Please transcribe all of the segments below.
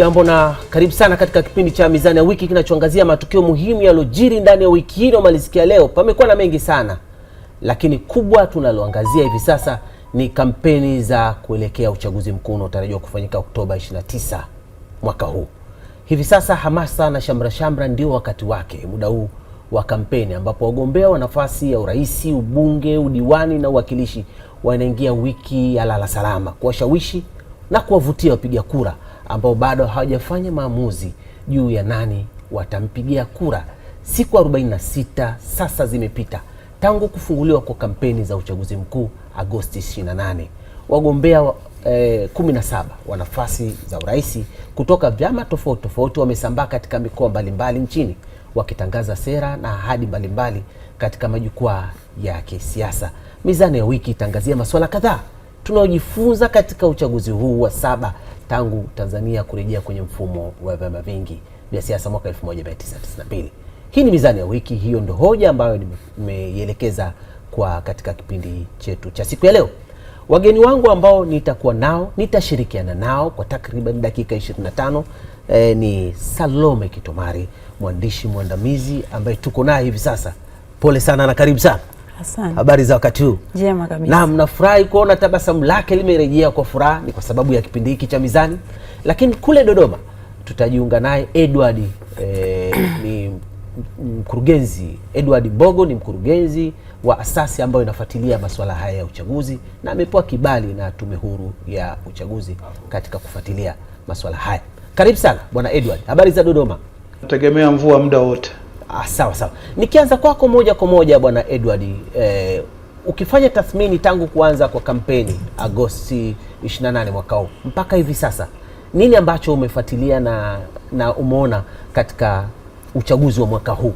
Hujambo na karibu sana katika kipindi cha Mizani ya Wiki kinachoangazia matukio muhimu yaliyojiri ndani ya wiki hii inayomalizikia leo. Pamekuwa na mengi sana, lakini kubwa tunaloangazia hivi sasa ni kampeni za kuelekea uchaguzi mkuu unaotarajiwa kufanyika Oktoba 29 mwaka huu. Hivi sasa hamasa na shamra shamra ndio wakati wake, muda huu wa kampeni, ambapo wagombea wa nafasi ya urais, ubunge, udiwani na uwakilishi wanaingia wiki ya lala salama kuwashawishi na kuwavutia wapiga kura ambao bado hawajafanya maamuzi juu ya nani watampigia kura. Siku 46 sasa zimepita tangu kufunguliwa kwa kampeni za uchaguzi mkuu Agosti 28. Wagombea wa, eh, 17 wa nafasi za urais kutoka vyama tofauti tofauti wamesambaa katika mikoa mbalimbali nchini wakitangaza sera na ahadi mbalimbali katika majukwaa ya kisiasa. Mizani ya Wiki itangazia masuala kadhaa tunayojifunza katika uchaguzi huu wa saba tangu Tanzania kurejea kwenye mfumo wa vyama vingi vya siasa mwaka 1992. Hii ni mizani ya wiki, hiyo ndio hoja ambayo nimeielekeza kwa katika kipindi chetu cha siku ya leo. Wageni wangu ambao nitakuwa nao nitashirikiana nao kwa takriban dakika 25 eh, ni Salome Kitomari, mwandishi mwandamizi ambaye tuko naye hivi sasa. Pole sana na karibu sana. Asante. Habari za wakati huu? Njema kabisa. Naam, nafurahi kuona tabasamu lake limerejea kwa furaha, ni kwa sababu ya kipindi hiki cha Mizani. Lakini kule Dodoma tutajiunga naye Edward eh, ni mkurugenzi Edward Mbogo ni mkurugenzi wa asasi ambayo inafuatilia masuala haya ya uchaguzi na amepewa kibali na Tume Huru ya Uchaguzi katika kufuatilia masuala haya. Karibu sana Bwana Edward. Habari za Dodoma? Nategemea mvua muda wote. Ah, sawa sawa, nikianza kwako moja kwa moja bwana Edward eh, ukifanya tathmini tangu kuanza kwa kampeni Agosti 28 mwaka huu mpaka hivi sasa, nini ambacho umefuatilia na, na umeona katika uchaguzi wa mwaka huu?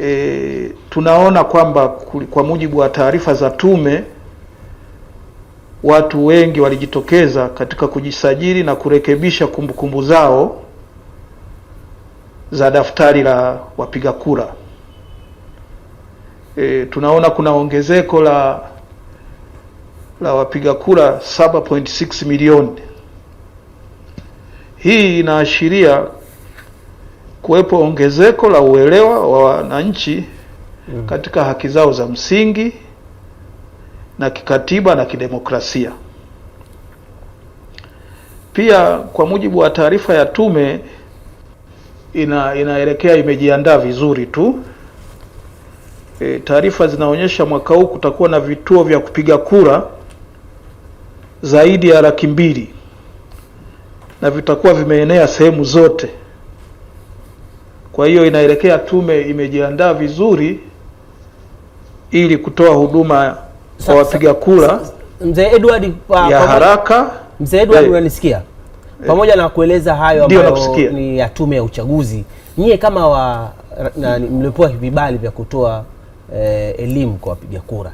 E, tunaona kwamba kwa mujibu wa taarifa za tume watu wengi walijitokeza katika kujisajili na kurekebisha kumbukumbu kumbu zao za daftari la wapiga kura. E, tunaona kuna ongezeko la la wapiga kura 7.6 milioni. Hii inaashiria kuwepo ongezeko la uelewa wa wananchi mm. katika haki zao za msingi na kikatiba na kidemokrasia. Pia kwa mujibu wa taarifa ya tume ina- inaelekea imejiandaa vizuri tu. E, taarifa zinaonyesha mwaka huu kutakuwa na vituo vya kupiga kura zaidi ya laki mbili na vitakuwa vimeenea sehemu zote. Kwa hiyo inaelekea tume imejiandaa vizuri ili kutoa huduma kwa wapiga kura mzee Edward ya haraka. Mzee Edward, yaani unanisikia? Eh. pamoja na kueleza hayo ambayo ni ya tume ya uchaguzi, nyie kama wa mliopewa vibali vya kutoa eh, elimu kwa wapiga kura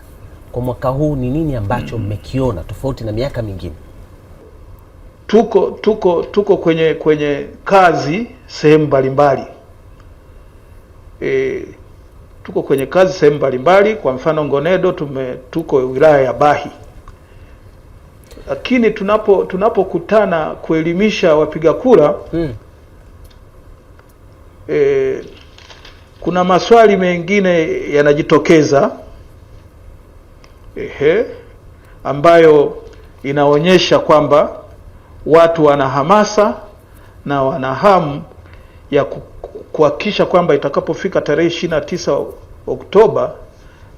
kwa mwaka huu ni nini ambacho mmekiona tofauti na miaka mingine? Tuko tuko tuko kwenye kwenye kazi sehemu mbalimbali e, tuko kwenye kazi sehemu mbalimbali. Kwa mfano Ngonedo tume, tuko wilaya ya Bahi lakini tunapo tunapokutana kuelimisha wapiga kura hmm. E, kuna maswali mengine yanajitokeza ehe, ambayo inaonyesha kwamba watu wana hamasa na wana hamu ya kuhakikisha kwamba itakapofika tarehe ishirini na tisa Oktoba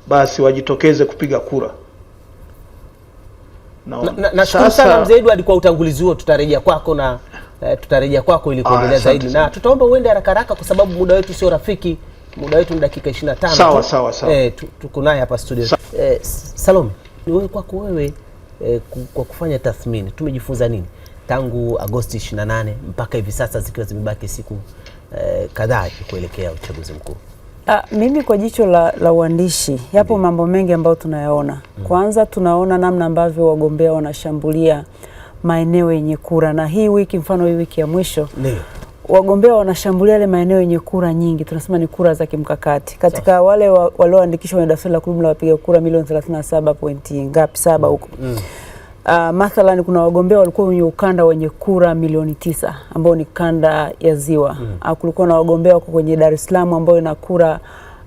basi wajitokeze kupiga kura. Nashukuru sana mzee Edward kwa utangulizi huo, tutarejea kwako na eh, tutarejea kwako ili kuendelea ah, zaidi, na tutaomba uende haraka haraka kwa sababu muda wetu sio rafiki. Muda wetu ni dakika 25. Sawa sawa sawa. Eh, tuko naye hapa studio. Eh, Salome, ni wewe kwako wewe eh, kwa kufanya tathmini tumejifunza nini tangu Agosti 28 mpaka hivi sasa zikiwa zimebaki siku eh, kadhaa kuelekea uchaguzi mkuu? A, ah, mimi kwa jicho la, la uandishi yapo mambo mengi ambayo tunayaona. Mm. Kwanza tunaona namna ambavyo wagombea wanashambulia maeneo yenye kura, na hii wiki, mfano hii wiki ya mwisho Leo. wagombea wanashambulia yale maeneo yenye kura nyingi, tunasema ni kura za kimkakati katika Sasa. wale walioandikishwa kwenye daftari la kudumu la wapiga kura milioni 37 pointi ngapi saba mm. huko mm. Uh, mathalan kuna wagombea walikuwa wenye ukanda wenye kura milioni tisa ambao ni kanda ya Ziwa mm. Ah, kulikuwa na wagombea wako kwenye Dar es Salaam ambao ina kura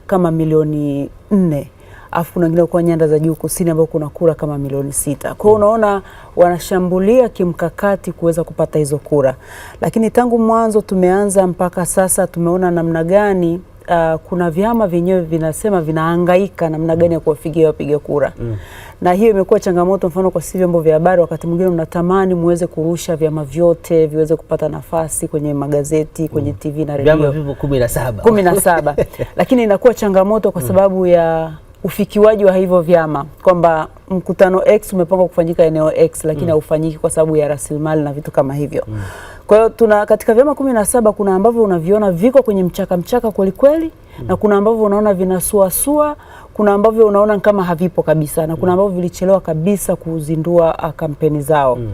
kama milioni nne afu kuna wengine kwa nyanda za juu kusini ambao kuna kura kama milioni sita. Kwa hiyo mm. unaona wanashambulia kimkakati kuweza kupata hizo kura, lakini tangu mwanzo tumeanza mpaka sasa tumeona namna gani uh, kuna vyama vyenyewe vinasema vinahangaika namna gani ya kuwafikia wapiga kura mm. na hiyo imekuwa changamoto, mfano kwa sisi vyombo vya habari, wakati mwingine mnatamani muweze kurusha vyama vyote viweze kupata nafasi kwenye magazeti, kwenye mm. TV na redio, vyama vipo kumi na saba, kumi na saba lakini inakuwa changamoto kwa mm. sababu ya ufikiwaji wa hivyo vyama kwamba mkutano X umepangwa kufanyika eneo X lakini mm. haufanyiki mm. kwa sababu ya rasilimali na vitu kama hivyo mm. Kwa hiyo tuna katika vyama kumi na saba kuna ambavyo unaviona viko kwenye mchaka mchaka kweli kweli mm. na kuna ambavyo unaona vinasuasua, kuna ambavyo unaona kama havipo kabisa na kuna mm. ambavyo vilichelewa kabisa kuzindua ah, kampeni zao mm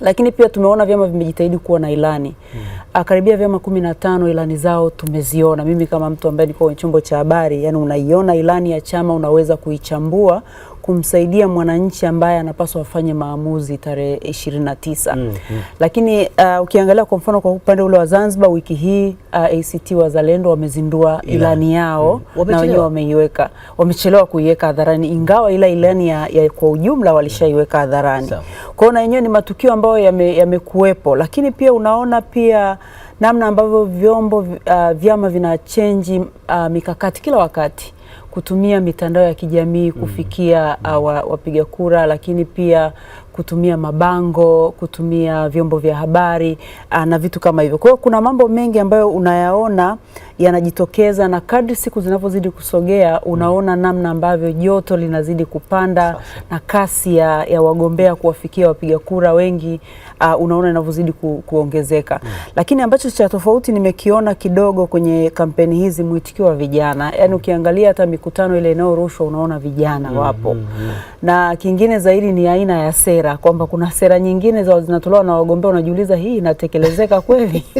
lakini pia tumeona vyama vimejitahidi kuwa na ilani hmm. Karibia vyama kumi na tano ilani zao tumeziona. Mimi kama mtu ambaye niko kwenye chombo cha habari, yani unaiona ilani ya chama unaweza kuichambua kumsaidia mwananchi ambaye anapaswa afanye maamuzi tarehe 29. na tisa. mm -hmm. Lakini uh, ukiangalia kwa mfano kwa upande ule wa Zanzibar wiki hii uh, ACT Wazalendo wamezindua ilani yao mm. na wenyewe wameiweka, wamechelewa kuiweka hadharani, ingawa ila ilani ya, ya kwa ujumla walishaiweka hadharani so. Kwa hiyo na yenyewe ni matukio ambayo yamekuwepo yame, lakini pia unaona pia namna ambavyo vyombo uh, vyama vina chenji uh, mikakati kila wakati kutumia mitandao ya kijamii mm. kufikia mm. uh, wapiga kura, lakini pia kutumia mabango, kutumia vyombo vya habari uh, na vitu kama hivyo. Kwa hiyo kuna mambo mengi ambayo unayaona yanajitokeza, na kadri siku zinavyozidi kusogea unaona namna ambavyo joto linazidi kupanda Sasa. na kasi ya, ya wagombea kuwafikia wapiga kura wengi uh, unaona inavyozidi ku, kuongezeka mm. Lakini ambacho cha tofauti nimekiona kidogo kwenye kampeni hizi mwitikio wa vijana, yani, ukiangalia hata mikutano ile inayorushwa unaona vijana hmm, wapo mm -hmm. na kingine zaidi ni aina ya sera, kwamba kuna sera nyingine za zinatolewa na wagombea, unajiuliza hii inatekelezeka kweli?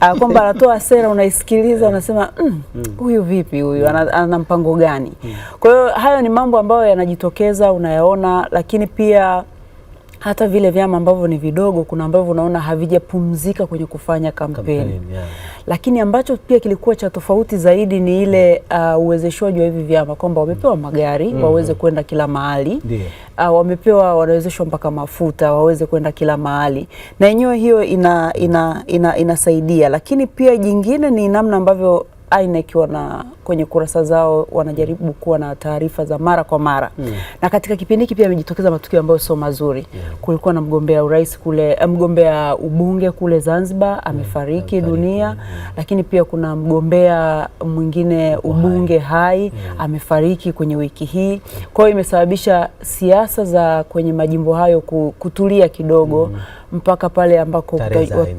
Ah, kwamba anatoa sera mara unaisikiliza unasema mm, mm. huyu mm, vipi huyu ana, ana mpango gani? Mm. Kwa hiyo hayo ni mambo ambayo yanajitokeza unayaona, lakini pia hata vile vyama ambavyo ni vidogo, kuna ambavyo unaona havijapumzika kwenye kufanya kampeni, yeah. Lakini ambacho pia kilikuwa cha tofauti zaidi ni ile uh, uwezeshwaji wa hivi vyama kwamba wamepewa mm. magari mm -hmm. waweze kwenda kila mahali yeah. uh, wamepewa wanawezeshwa mpaka mafuta waweze kwenda kila mahali, na yenyewe hiyo ina, ina, ina, ina, inasaidia, lakini pia jingine ni namna ambavyo INEC wana kwenye kurasa zao wanajaribu kuwa na taarifa za mara kwa mara mm. na katika kipindi hiki pia yamejitokeza matukio ambayo sio mazuri yeah. Hmm. Kulikuwa na mgombea urais kule, eh, mgombea ubunge kule Zanzibar hmm. amefariki yeah. dunia yeah. Hmm. Lakini pia kuna mgombea mwingine ubunge hai yeah. amefariki kwenye wiki hii, kwa hiyo imesababisha siasa za kwenye majimbo hayo kutulia kidogo mm. mpaka pale ambako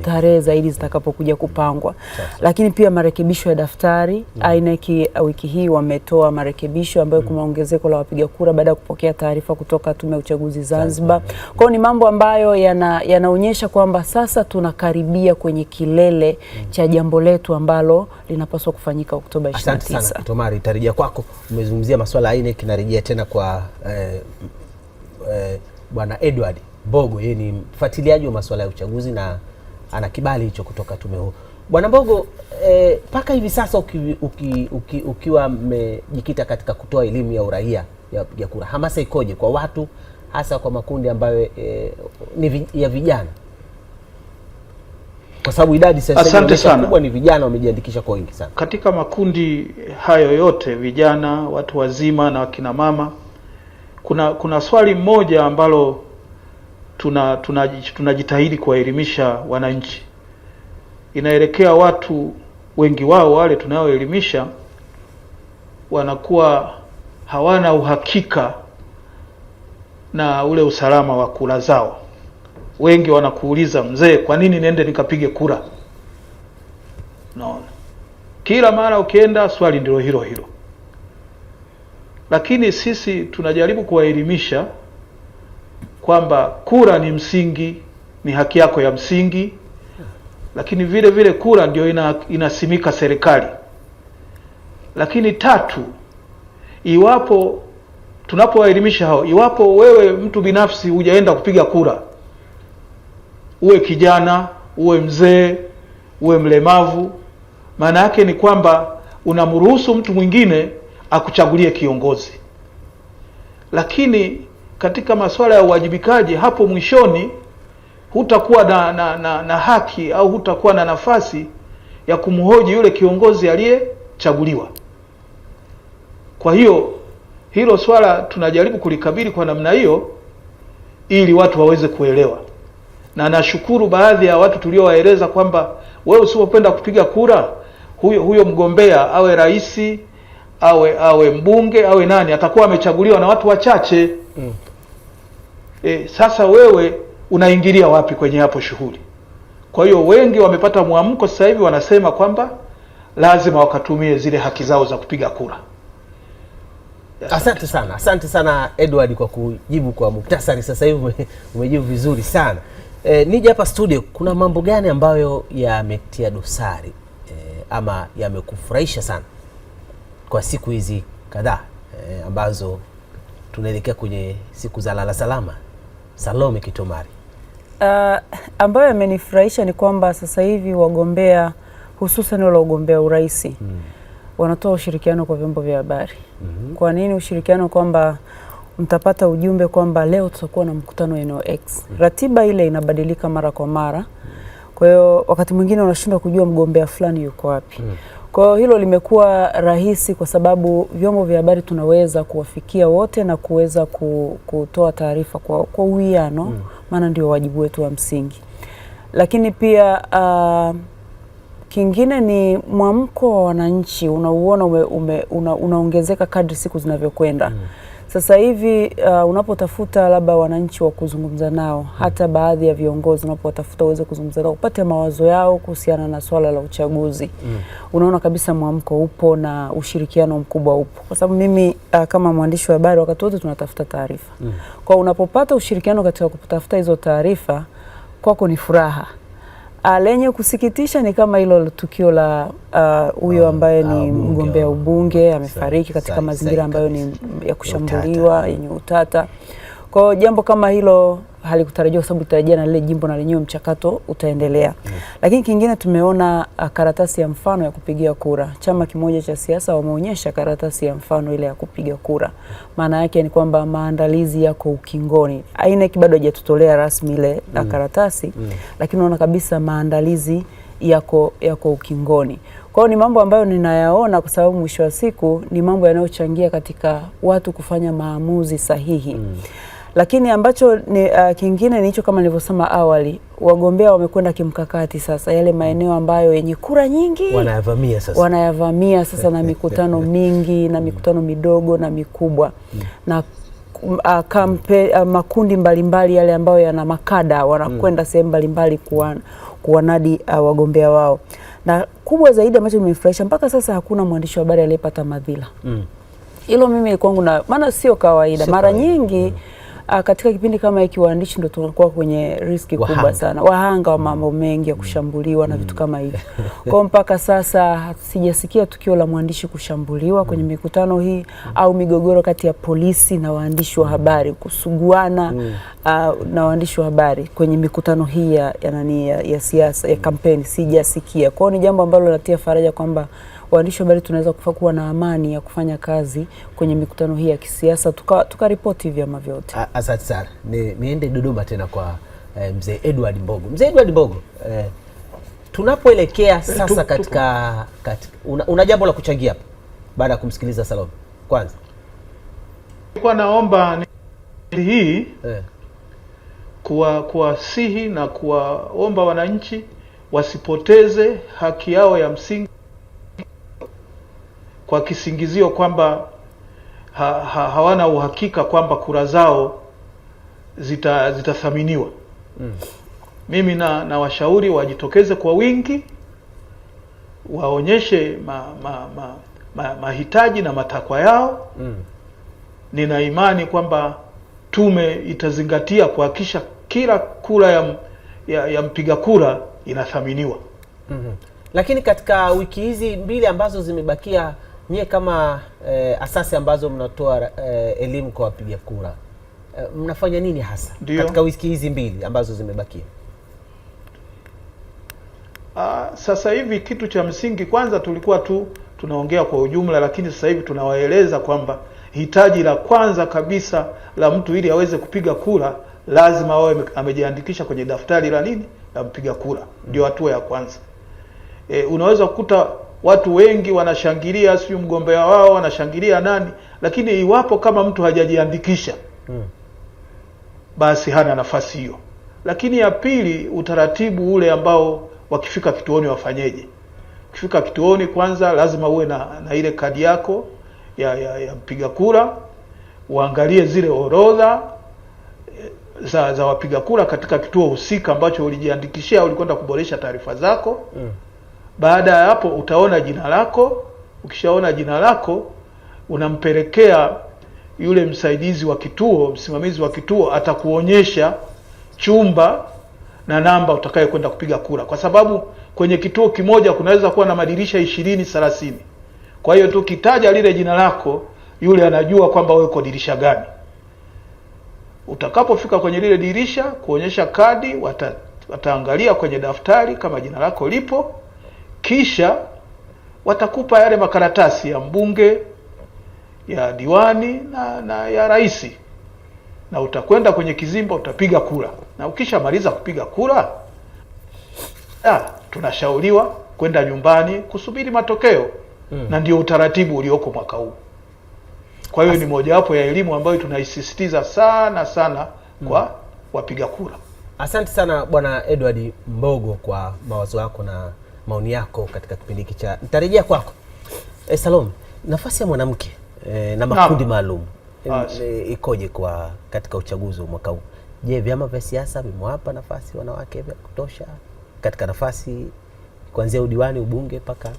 tarehe zaidi zitakapokuja kupangwa Lakini pia marekebisho ya daftari daftari mm. INEC wiki hii wametoa marekebisho ambayo mm. kuna ongezeko la wapiga kura baada ya kupokea taarifa kutoka Tume ya Uchaguzi Zanzibar. Kwa hiyo ni mambo ambayo yanaonyesha yana kwamba sasa tunakaribia kwenye kilele mm. cha jambo letu ambalo linapaswa kufanyika Oktoba 29. Asante sana Tomari, tarejea kwako. Umezungumzia masuala ya INEC, narejea tena kwa eh, eh, Bwana Edward Mbogo, yeye ni mfuatiliaji wa masuala ya uchaguzi na ana kibali hicho kutoka tume huo. Bwana Mbogo, eh, mpaka eh, hivi sasa uki, uki, uki, ukiwa mmejikita katika kutoa elimu ya uraia ya wapiga kura, hamasa ikoje kwa watu hasa kwa makundi ambayo eh, ni ya vijana? Kwa sababu idadi sasa kubwa ni vijana wamejiandikisha kwa wingi sana katika makundi hayo yote, vijana, watu wazima na wakina mama. Kuna kuna swali moja ambalo tunajitahidi tuna, tuna kuwaelimisha wananchi inaelekea watu wengi wao wale tunaoelimisha wanakuwa hawana uhakika na ule usalama wa kura zao. Wengi wanakuuliza mzee, kwa nini niende nikapige kura? Naona kila mara ukienda swali ndilo hilo hilo, lakini sisi tunajaribu kuwaelimisha kwamba kura ni msingi, ni haki yako ya msingi lakini vile vile kura ndio ina, inasimika serikali. Lakini tatu, iwapo tunapowaelimisha hao, iwapo wewe mtu binafsi hujaenda kupiga kura, uwe kijana, uwe mzee, uwe mlemavu, maana yake ni kwamba unamruhusu mtu mwingine akuchagulie kiongozi. Lakini katika masuala ya uwajibikaji hapo mwishoni hutakuwa na, na, na, na haki au hutakuwa na nafasi ya kumhoji yule kiongozi aliyechaguliwa. Kwa hiyo hilo swala tunajaribu kulikabili kwa namna hiyo ili watu waweze kuelewa, na nashukuru baadhi ya watu tuliowaeleza kwamba wewe usipopenda kupiga kura huyo, huyo mgombea awe rais awe awe mbunge awe nani, atakuwa amechaguliwa na watu wachache mm. E, sasa wewe unaingilia wapi kwenye hapo shughuli? Kwa hiyo wengi wamepata mwamko sasa hivi, wanasema kwamba lazima wakatumie zile haki zao za kupiga kura. Asante sana, asante sana Edward kwa kujibu kwa muktasari. Sasa hivi umejibu vizuri sana. E, nije hapa studio, kuna mambo gani ambayo yametia dosari e, ama yamekufurahisha sana kwa siku hizi kadhaa e, ambazo tunaelekea kwenye siku za lala salama? Salome Kitomari. Uh, ambayo amenifurahisha ni kwamba sasa hivi wagombea hususan wale wagombea urais mm. wanatoa ushirikiano kwa vyombo vya habari mm -hmm. Kwa nini ushirikiano? Kwamba mtapata ujumbe kwamba leo tutakuwa na mkutano eneo X mm -hmm. Ratiba ile inabadilika mara kwa mara mm -hmm. Kwa hiyo wakati mwingine unashindwa kujua mgombea fulani yuko wapi mm -hmm. Kwa hiyo hilo limekuwa rahisi kwa sababu vyombo vya habari tunaweza kuwafikia wote na kuweza kutoa taarifa kwa, kwa uwiano mm. maana ndio wajibu wetu wa msingi, lakini pia uh, kingine ni mwamko wa wananchi unauona ume, ume, una, unaongezeka kadri siku zinavyokwenda mm. Sasa hivi uh, unapotafuta labda wananchi wa kuzungumza nao, hata baadhi ya viongozi unapowatafuta uweze kuzungumza nao, upate mawazo yao kuhusiana na swala la uchaguzi mm. Unaona kabisa mwamko upo na ushirikiano mkubwa upo, kwa sababu mimi uh, kama mwandishi wa habari wakati wote tunatafuta taarifa mm. Kwa unapopata ushirikiano katika kutafuta hizo taarifa kwako ni furaha. Ah, lenye kusikitisha ni kama hilo tukio la ah, huyo uh, ambaye ni mgombea ubunge amefariki katika mazingira ambayo ni ya kushambuliwa yenye utata. Kwa jambo kama hilo halikutarajiwa kwa sababu tutarajia na lile jimbo na lenyewe mchakato utaendelea. Mm. Lakini kingine tumeona uh, karatasi ya mfano ya kupigia kura. Chama kimoja cha siasa wameonyesha karatasi ya mfano ile ya kupiga kura. Maana yake ni kwamba maandalizi yako ukingoni. INEC bado hajatutolea rasmi ile uh, mm. karatasi mm. lakini unaona kabisa maandalizi yako yako ukingoni. Kwa hiyo ni mambo ambayo ninayaona kwa sababu mwisho wa siku ni mambo yanayochangia katika watu kufanya maamuzi sahihi. Mm. Lakini ambacho ni, uh, kingine ni hicho kama nilivyosema awali, wagombea wamekwenda kimkakati sasa, yale maeneo ambayo yenye kura nyingi wanayavamia sasa, wanayavamia sasa na mikutano mingi na mikutano midogo na mikubwa mm. na Uh, kampe, uh, makundi mbalimbali mbali yale ambayo yana makada wanakwenda mm. sehemu mbalimbali kuwanadi uh, wagombea wao, na kubwa zaidi ambacho nimefurahisha mpaka sasa hakuna mwandishi wa habari aliyepata madhila mm. hilo mm. mimi kwangu, na maana sio kawaida mara nyingi mm uh, katika kipindi kama hiki waandishi ndo tunakuwa kwenye riski wahanga kubwa sana, wahanga wa mm. mambo mengi ya mm. kushambuliwa mm. na vitu kama hivi kwao. Mpaka sasa sijasikia tukio la mwandishi kushambuliwa kwenye mm. mikutano hii mm. au migogoro kati ya polisi na waandishi wa habari kusuguana mm. uh, na waandishi wa habari kwenye mikutano hii ya nani ya siasa ya, siasa ya kampeni sijasikia kwao. Ni jambo ambalo latia faraja kwamba waandishi habari tunaweza kuwa na amani ya kufanya kazi kwenye mikutano hii ya kisiasa tukaripoti tuka vyama vyote. Asante sana, niende Dodoma tena kwa eh, mzee Edward Mbogo. Mzee Edward Mbogo, eh, tunapoelekea eh, sasa katika, katika una, una jambo la kuchangia hapa baada ya kumsikiliza Salome. Kwanza kwa naomba hii eh, kuwasihi na kuwaomba wananchi wasipoteze haki yao ya msingi kwa kisingizio kwamba ha, ha, hawana uhakika kwamba kura zao zita zitathaminiwa. Mm. Mimi na washauri wajitokeze kwa wingi, waonyeshe ma, ma, ma, ma, mahitaji na matakwa yao. Mm. Nina imani kwamba tume itazingatia kuhakikisha kila kura ya, ya, ya mpiga kura inathaminiwa. Mm -hmm. Lakini katika wiki hizi mbili ambazo zimebakia nyie kama eh, asasi ambazo mnatoa eh, elimu kwa wapiga kura eh, mnafanya nini hasa Dio, katika wiki hizi mbili ambazo zimebakia? Ah, sasa hivi kitu cha msingi kwanza tulikuwa tu tunaongea kwa ujumla, lakini sasa hivi tunawaeleza kwamba hitaji la kwanza kabisa la mtu ili aweze kupiga kura lazima awe amejiandikisha kwenye daftari la nini la mpiga kura, ndio hatua ya kwanza. E, unaweza kukuta watu wengi wanashangilia, sijui mgombea wao wanashangilia nani, lakini iwapo kama mtu hajajiandikisha hmm, basi hana nafasi hiyo. Lakini ya pili, utaratibu ule ambao wakifika kituoni wafanyeje? Ukifika kituoni, kwanza lazima uwe na, na ile kadi yako ya, ya, ya mpiga kura, uangalie zile orodha eh, za, za wapiga kura katika kituo husika ambacho ulijiandikishia, ulikwenda kuboresha taarifa zako hmm baada ya hapo utaona jina lako. Ukishaona jina lako unampelekea yule msaidizi wa kituo, msimamizi wa kituo atakuonyesha chumba na namba utakaye kwenda kupiga kura, kwa sababu kwenye kituo kimoja kunaweza kuwa na madirisha ishirini thelathini. Kwa hiyo tukitaja lile jina lako, yule anajua kwamba wewe uko dirisha gani. Utakapofika kwenye lile dirisha kuonyesha kadi, wata, wataangalia kwenye daftari kama jina lako lipo kisha watakupa yale makaratasi ya mbunge ya diwani na, na ya rais, na utakwenda kwenye kizimba utapiga kura, na ukishamaliza kupiga kura ya, tunashauriwa kwenda nyumbani kusubiri matokeo hmm. Na ndio utaratibu ulioko mwaka huu. Kwa hiyo ni mojawapo ya elimu ambayo tunaisisitiza sana sana hmm. kwa hmm. wapiga kura. Asante sana Bwana Edward Mbogo kwa mawazo yako na maoni yako katika kipindi hiki cha nitarejea kwako. E, Salome, nafasi ya mwanamke e, na makundi maalum e, ikoje kwa katika uchaguzi wa mwaka huu? Je, vyama vya siasa vimewapa nafasi wanawake vya kutosha katika nafasi kuanzia udiwani, ubunge mpaka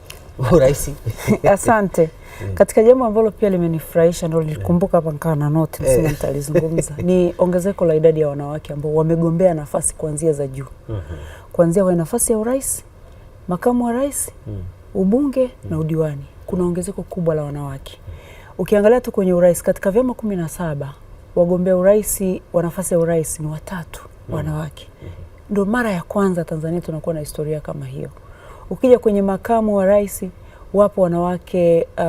urais? Asante. Katika jambo ambalo pia limenifurahisha ndio nilikumbuka hapa nikawa na note nisema nitalizungumza ni ongezeko la idadi ya wanawake ambao wamegombea nafasi kuanzia za juu, mhm. kuanzia kwenye nafasi ya urais makamu wa rais mm. ubunge mm. na udiwani kuna ongezeko kubwa la wanawake. Ukiangalia tu kwenye urais katika vyama kumi na saba wagombea urais wa nafasi ya urais ni watatu mm. wanawake mm. Ndio mara ya kwanza Tanzania tunakuwa na historia kama hiyo. Ukija kwenye makamu wa rais wapo wanawake uh,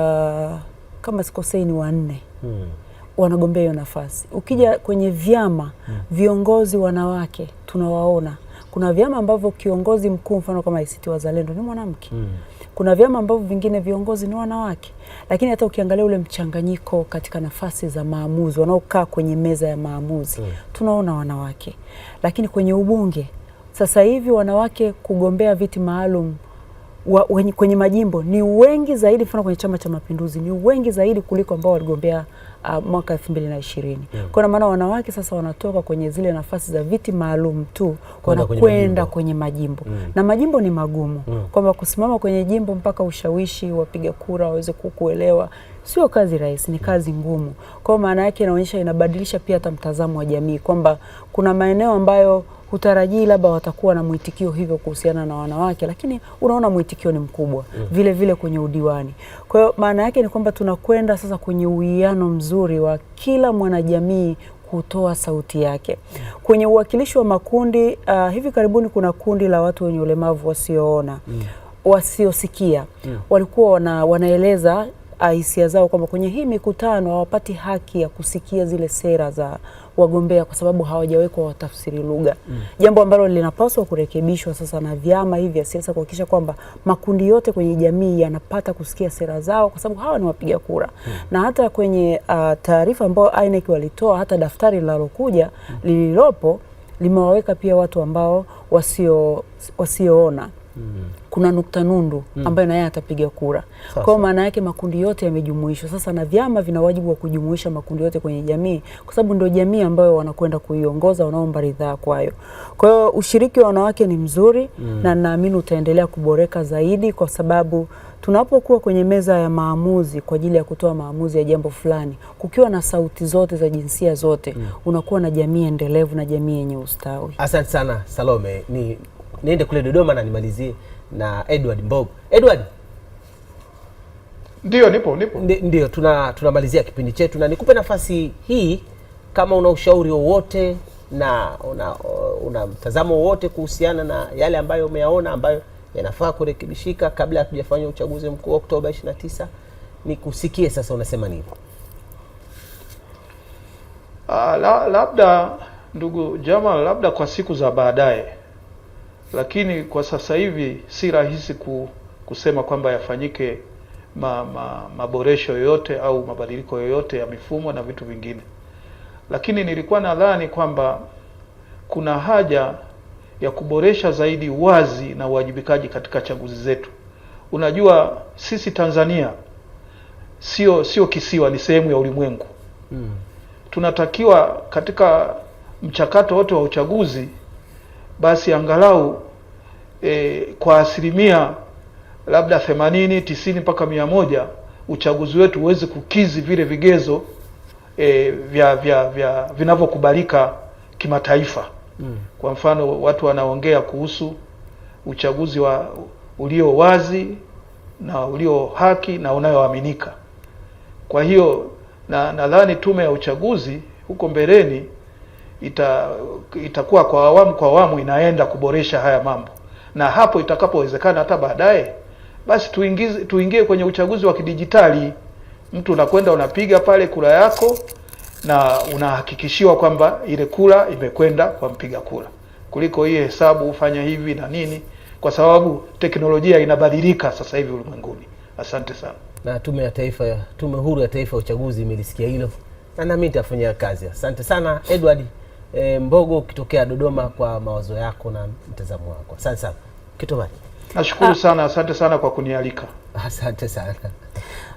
kama sikosei ni wanne mm. wanagombea hiyo nafasi. Ukija kwenye vyama mm. viongozi wanawake tunawaona kuna vyama ambavyo kiongozi mkuu mfano kama ACT Wazalendo ni mwanamke mm. Kuna vyama ambavyo vingine viongozi ni wanawake, lakini hata ukiangalia ule mchanganyiko katika nafasi za maamuzi, wanaokaa kwenye meza ya maamuzi mm. tunaona wanawake, lakini kwenye ubunge sasa hivi wanawake kugombea viti maalum wa, wenye, kwenye majimbo ni wengi zaidi, mfano kwenye Chama cha Mapinduzi ni wengi zaidi kuliko ambao waligombea uh, mwaka 2020. Yeah. Kwa maana wanawake sasa wanatoka kwenye zile nafasi za viti maalum tu wanakwenda kwenye majimbo mm. na majimbo ni magumu mm. kwamba kusimama kwenye jimbo mpaka ushawishi wapiga kura waweze kukuelewa sio kazi rahisi, ni mm. kazi ngumu. Kwa maana yake inaonyesha, inabadilisha pia hata mtazamo wa jamii kwamba kuna maeneo ambayo hutarajii labda watakuwa na mwitikio hivyo kuhusiana na wanawake, lakini unaona mwitikio ni mkubwa mm. vile vile kwenye udiwani. Kwa hiyo maana yake ni kwamba tunakwenda sasa kwenye uwiano mzuri wa kila mwanajamii kutoa sauti yake mm. kwenye uwakilishi wa makundi. Uh, hivi karibuni kuna kundi la watu wenye ulemavu wasioona mm. wasiosikia mm. walikuwa wana, wanaeleza hisia zao kwamba kwenye hii mikutano hawapati haki ya kusikia zile sera za wagombea kwa sababu hawajawekwa watafsiri lugha mm. Jambo ambalo linapaswa kurekebishwa sasa na vyama hivi vya siasa kuhakikisha kwamba makundi yote kwenye jamii yanapata kusikia sera zao, kwa sababu hawa ni wapiga kura mm. Na hata kwenye uh, taarifa ambayo INEC walitoa hata daftari linalokuja mm. lililopo limewaweka pia watu ambao wasio wasioona mm. kuna nukta nundu mm. ambayo naye atapiga kura. Kwa hiyo maana yake makundi yote yamejumuishwa sasa, na vyama vina wajibu wa kujumuisha makundi yote kwenye jamii, kwa sababu ndio jamii ambayo wanakwenda kuiongoza, wanaomba ridhaa kwayo. Kwa hiyo ushiriki wa wanawake ni mzuri mm. na naamini utaendelea kuboreka zaidi, kwa sababu tunapokuwa kwenye meza ya maamuzi kwa ajili ya kutoa maamuzi ya jambo fulani, kukiwa na sauti zote za jinsia zote mm. unakuwa na jamii endelevu na jamii yenye ustawi. Asante sana Salome ni niende kule Dodoma na nimalizie na Edward Mbogo. Edward, ndio nipo nipo, ndio tuna tunamalizia kipindi chetu, na nikupe nafasi hii kama una ushauri wowote na una, una mtazamo wowote kuhusiana na yale ambayo umeyaona ambayo yanafaa kurekebishika kabla ya uchaguzi mkuu wa Oktoba 29, nikusikie sasa unasema nini? Ah, la, labda ndugu Jamal, labda kwa siku za baadaye lakini kwa sasa hivi si rahisi ku, kusema kwamba yafanyike ma, ma, maboresho yoyote au mabadiliko yoyote ya mifumo na vitu vingine, lakini nilikuwa nadhani kwamba kuna haja ya kuboresha zaidi wazi na uwajibikaji katika chaguzi zetu. Unajua, sisi Tanzania sio sio kisiwa, ni sehemu ya ulimwengu hmm. Tunatakiwa katika mchakato wote wa uchaguzi basi angalau e, kwa asilimia labda themanini tisini mpaka mia moja uchaguzi wetu uweze kukizi vile vigezo e, vya vya vya vinavyokubalika kimataifa mm. Kwa mfano watu wanaongea kuhusu uchaguzi wa ulio wazi na ulio haki na unayoaminika. Kwa hiyo na nadhani tume ya uchaguzi huko mbeleni ita itakuwa kwa awamu kwa awamu inaenda kuboresha haya mambo, na hapo itakapowezekana hata baadaye basi tuingize, tuingie kwenye uchaguzi wa kidijitali. Mtu unakwenda unapiga pale kura yako na unahakikishiwa kwamba ile kura imekwenda kwa mpiga kura, kuliko hii hesabu ufanya hivi na nini, kwa sababu teknolojia inabadilika sasa hivi ulimwenguni. Asante sana. Na Tume ya Taifa ya Tume Huru ya Taifa ya Uchaguzi imelisikia hilo na nami nitafanyia kazi. Asante sana Edward e, Mbogo ukitokea Dodoma kwa mawazo yako na mtazamo wako. Asante sana Kitomani. Nashukuru ah. sana, asante sana kwa kunialika. Asante sana.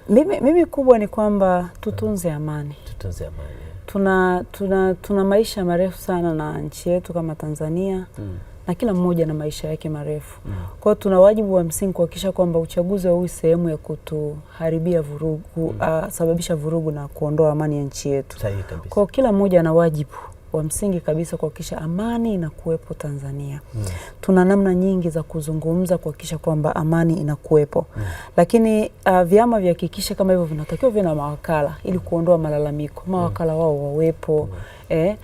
Mimi, mimi kubwa ni kwamba tutunze amani, tutunze amani. Tuna, tuna, tuna maisha marefu sana na nchi yetu kama Tanzania hmm. Na kila mmoja na maisha yake marefu mm. Kwa hiyo tuna wajibu wa msingi kuhakikisha kwamba uchaguzi hauwi sehemu ya kutuharibia vurugu mm. Uh, sababisha vurugu na kuondoa amani ya nchi yetu. Kwa hiyo kila mmoja ana wajibu wa msingi kabisa kuhakikisha amani inakuwepo Tanzania. Mm. Tuna namna nyingi za kuzungumza kuhakikisha kwamba amani inakuwepo. Mm. Lakini uh, vyama vihakikishe kama hivyo vinatakiwa vina na mawakala ili kuondoa malalamiko. Hmm. Mawakala wao wawepo. Mm. Eh,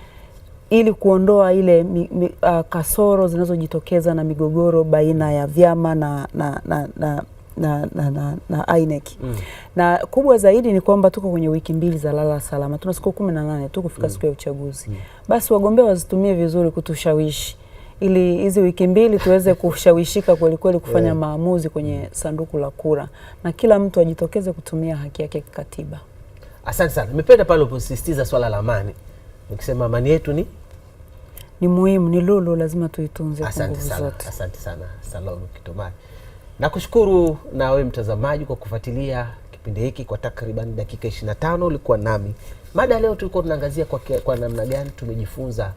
ili kuondoa ile mi, mi, uh, kasoro zinazojitokeza na migogoro baina ya vyama na, na, na, na na, na, na, na INEC mm. na kubwa zaidi ni kwamba tuko kwenye wiki mbili za lala salama, tuna siku kumi na nane tu kufika mm. siku ya uchaguzi mm. basi wagombea wazitumie vizuri kutushawishi ili hizi wiki mbili tuweze kushawishika kwelikweli kufanya yeah. maamuzi kwenye mm. sanduku la kura na kila mtu ajitokeze kutumia haki yake kikatiba. Asante sana, nimependa pale uliposisitiza swala la amani, ukisema amani yetu ni ni muhimu, ni lulu, lazima tuitunze kwa nguvu zote. Asante sana Salome Kitomari. Nakushukuru na wewe mtazamaji kwa kufuatilia kipindi hiki kwa takriban dakika 25 ulikuwa nami. Mada leo tulikuwa tunaangazia kwa, kwa namna gani tumejifunza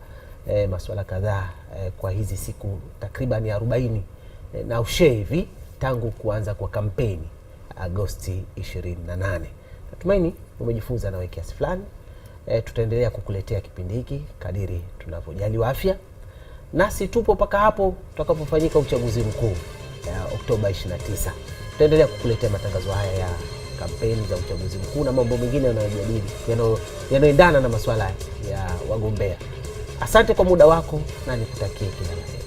eh, masuala kadhaa eh, kwa hizi siku takriban 40 eh, na ushe hivi tangu kuanza kwa kampeni Agosti 28. Natumaini umejifunza nawe kiasi fulani. E, tutaendelea kukuletea kipindi hiki kadiri tunavyojaliwa afya, nasi tupo mpaka hapo tutakapofanyika uchaguzi mkuu. Oktoba 29. Tutaendelea kukuletea matangazo haya ya kampeni za uchaguzi mkuu na mambo mengine yanayojadili yanayoendana na masuala ya wagombea. Asante kwa muda wako na nikutakie kila la